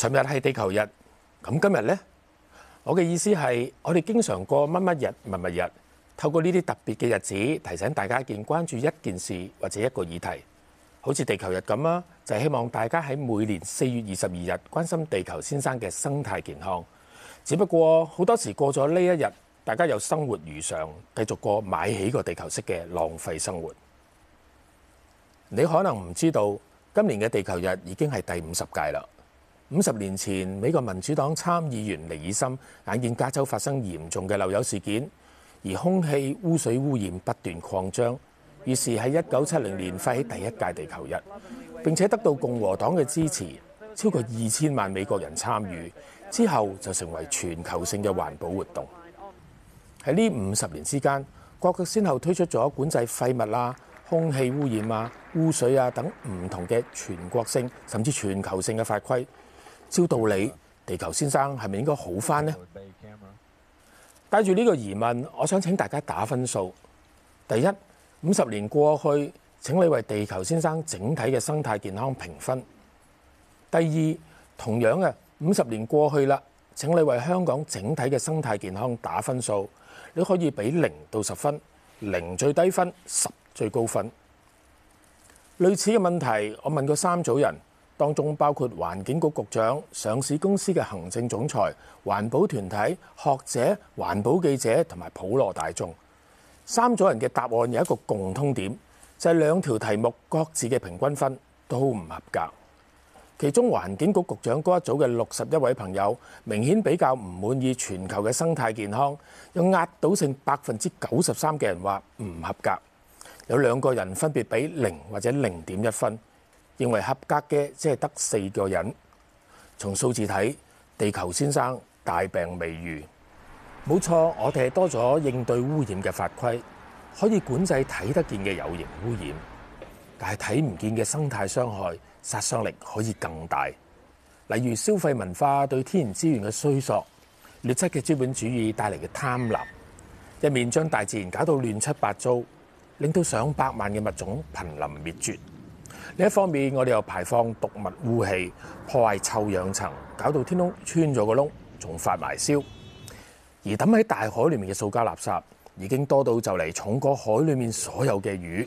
尋日係地球日，咁今日呢，我嘅意思係我哋經常過乜乜日、乜乜日，透過呢啲特別嘅日子提醒大家一件關注一件事或者一個議題，好似地球日咁啦，就希望大家喺每年四月二十二日關心地球先生嘅生態健康。只不過好多時過咗呢一日，大家又生活如常，繼續過買起個地球式嘅浪費生活。你可能唔知道，今年嘅地球日已經係第五十屆啦。五十年前，美國民主黨參議員尼爾森眼見加州發生嚴重嘅漏油事件，而空氣、污水污染不斷擴張，於是喺一九七零年發起第一屆地球日。並且得到共和黨嘅支持，超過二千萬美國人參與之後，就成為全球性嘅環保活動。喺呢五十年之間，國家先後推出咗管制廢物啦、啊、空氣污染啊、污水啊等唔同嘅全國性甚至全球性嘅法規。照道理，地球先生係咪應該好翻呢？帶住呢個疑問，我想請大家打分數。第一，五十年過去，請你為地球先生整體嘅生態健康評分。第二，同樣嘅五十年過去啦，請你為香港整體嘅生態健康打分數。你可以俾零到十分，零最低分，十最高分。類似嘅問題，我問過三組人。當中包括環境局局長、上市公司嘅行政總裁、環保團體、學者、環保記者同埋普羅大眾。三組人嘅答案有一個共通點，就係兩條題目各自嘅平均分都唔合格。其中環境局局長嗰一組嘅六十一位朋友明顯比較唔滿意全球嘅生態健康，有壓倒性百分之九十三嘅人話唔合格，有兩個人分別俾零或者零點一分。認為合格嘅即係得四個人。從數字睇，地球先生大病未愈。冇錯，我哋係多咗應對污染嘅法規，可以管制睇得見嘅有形污染，但係睇唔見嘅生態傷害殺傷力可以更大。例如消費文化對天然資源嘅衰索，劣質嘅資本主義帶嚟嘅貪婪，一面將大自然搞到亂七八糟，令到上百萬嘅物種瀕臨滅絕。呢一方面，我哋又排放毒物污氣，破壞臭氧層，搞到天空穿咗個窿，仲發埋燒。而抌喺大海裏面嘅塑膠垃圾已經多到就嚟重過海裏面所有嘅魚。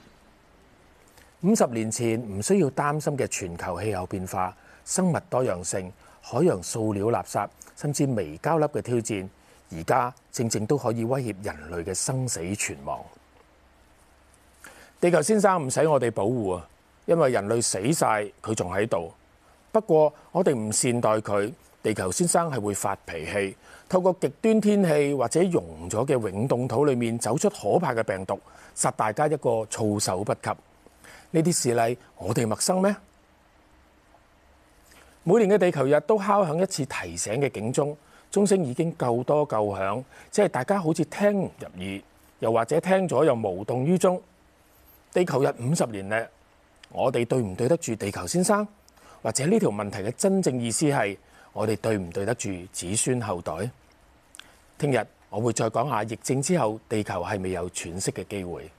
五十年前唔需要擔心嘅全球氣候變化、生物多樣性、海洋塑料垃圾，甚至微膠粒嘅挑戰，而家正正都可以威脅人類嘅生死存亡。地球先生唔使我哋保護啊！因為人類死晒，佢仲喺度。不過我哋唔善待佢，地球先生係會發脾氣。透過極端天氣或者溶咗嘅永凍土裏面走出可怕嘅病毒，殺大家一個措手不及。呢啲事例我哋陌生咩？每年嘅地球日都敲響一次提醒嘅警鐘，鐘聲已經夠多夠響，即係大家好似聽唔入耳，又或者聽咗又無動於衷。地球日五十年嚟。我哋對唔對得住地球先生，或者呢條問題嘅真正意思係我哋對唔對得住子孫後代？聽日我會再講一下疫症之後地球係未有喘息嘅機會。